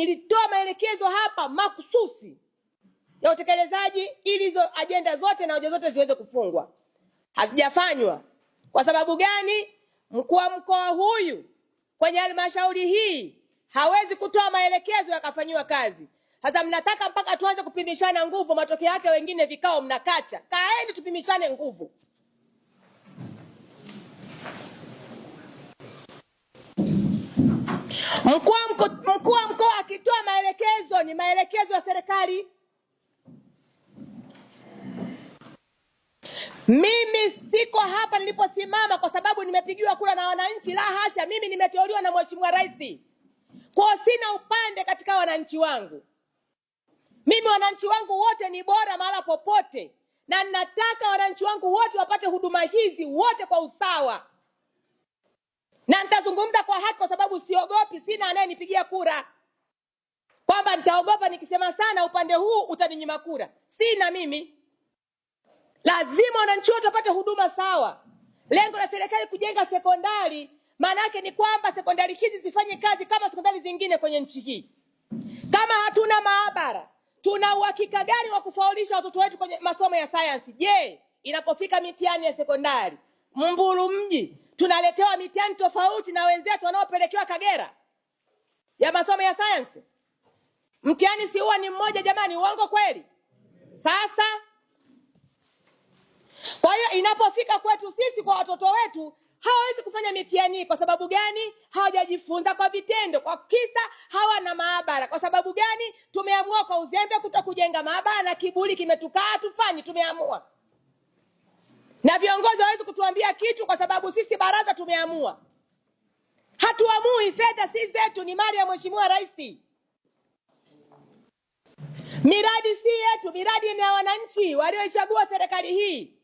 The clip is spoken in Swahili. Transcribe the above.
ilitoa maelekezo hapa makususi ya utekelezaji ili hizo ajenda zote na hoja zote ziweze kufungwa. Hazijafanywa. Kwa sababu gani? Mkuu wa mkoa huyu kwenye halmashauri hii hawezi kutoa maelekezo yakafanyiwa kazi. Sasa mnataka mpaka tuanze kupimishana nguvu, matokeo yake wengine vikao mnakacha. Kaeni tupimishane nguvu. Mkuu ni maelekezo ya serikali. Mimi siko hapa niliposimama kwa sababu nimepigiwa kura na wananchi, la hasha. Mimi nimeteuliwa na Mheshimiwa Rais, kwa sina upande katika wananchi wangu. Mimi wananchi wangu wote ni bora mahala popote, na ninataka wananchi wangu wote wapate huduma hizi wote kwa usawa, na nitazungumza kwa haki kwa sababu siogopi, sina anayenipigia kura kwamba nitaogopa nikisema sana upande huu utaninyima kura. Si na mimi, lazima wananchi wote wapate huduma sawa. Lengo la serikali kujenga sekondari, maana yake ni kwamba sekondari hizi zifanye kazi kama sekondari zingine kwenye nchi hii. Kama hatuna maabara, tuna uhakika gani wa kufaulisha watoto wetu kwenye masomo ya sayansi? Je, inapofika mitihani ya sekondari Mbulu mji tunaletewa mitihani tofauti na wenzetu wanaopelekewa Kagera ya masomo ya sayansi? Mtihani si huwa ni mmoja jamani, uongo kweli? Sasa kwa hiyo inapofika kwetu sisi kwa watoto wetu hawawezi kufanya mitihani. Kwa sababu gani? Hawajajifunza kwa vitendo, kwa kisa hawana maabara. Kwa sababu gani? Tumeamua kwa uzembe kuto kujenga maabara na kiburi kimetukaa, tufanyi, tumeamua. Na viongozi hawawezi kutuambia kitu, kwa sababu sisi baraza tumeamua. Hatuamui, fedha si zetu, ni mali ya Mheshimiwa Rais. Miradi si yetu, miradi ni ya wananchi walioichagua serikali hii.